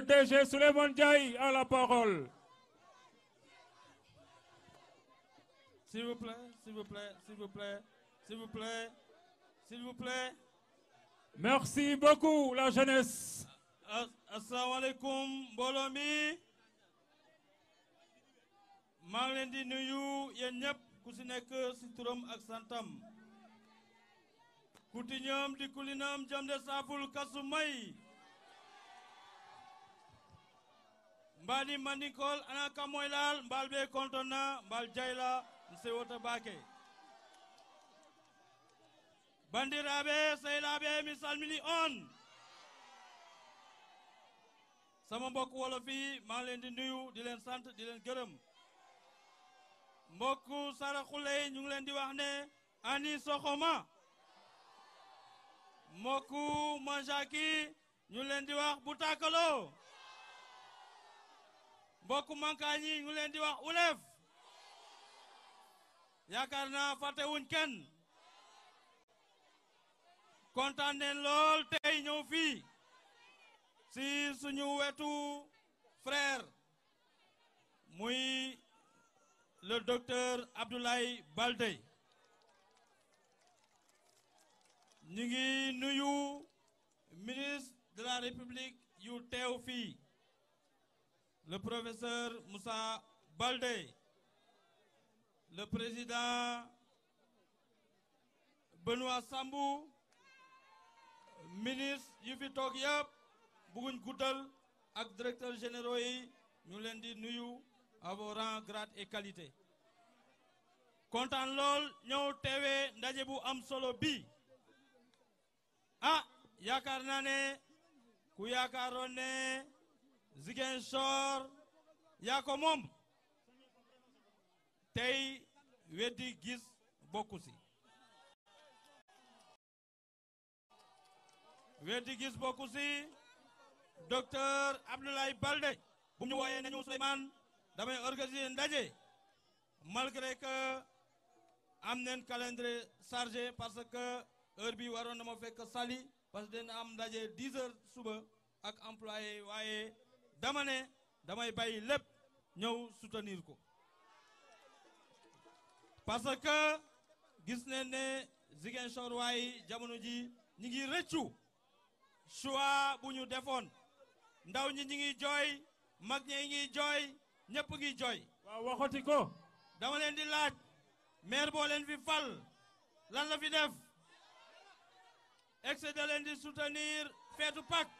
le DG Souleymane la parole. S'il vous plaît, s'il vous plaît, s'il vous plaît, s'il vous plaît, s'il vous plaît. Merci beaucoup, la jeunesse. Assalamu alaikum, mbadi mandikol ana kamoylal mbal be kontona mbal jayla nsewota bake bandiraɓe sehlaɓe mi salmini on sama mbokk wolof yi maa ngi leen di nuyu di leen sant di leen gërëm mbokk saraxule ñu ngi leen di wax ne ani soxoma mbokk manjaki ñu leen di wax bu tàkkaloo bokk Mankagne yi ñu leen di wax ULEF yaakaar naa fàtte wuñ kenn kontaan lool tey ñëw fii si suñu wetu frère muy le docteur Abdoulaye Baldé ñu ngi nuyu ministre de la République yu teew fii le professeur Moussa Balde, le président Benoît Sambou, ministre yu fi le directeur général, nous ak directeur général, nous ñu leen di nuyu à vos et qualité. lol, nous, avons ndaje bu am solo bi ah ya naa kuya ku Ziguinchor yaa ko moom tey weddi gis bokku si weddi gis bokku si docteur Abdoulaye Baldé bu ñu wooyee nañu Souleymane damay organiser ndaje malgré que am neen calendrier chargé parce que heure bi waroon na ma fekk sali parce que dina am ndaje 10 heures suba ak employé waaye dama ne damay bay lépp ñëw soutenir ko parce que gis ne ne Ziguinchor waay jamono ji ñi ngi rëccu choix bu ñu defoon ndaw ñi ñi ngi jooy mag ñi ngi jooy ñëpp ngi jooy waaw waxati ko dama leen di laaj maire boo fi fal lan la fi def excédé di soutenir feetu Pâques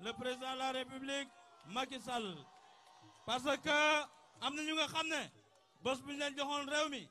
le président de la république Macky Sall parce que nous na ñu nga xam ne bu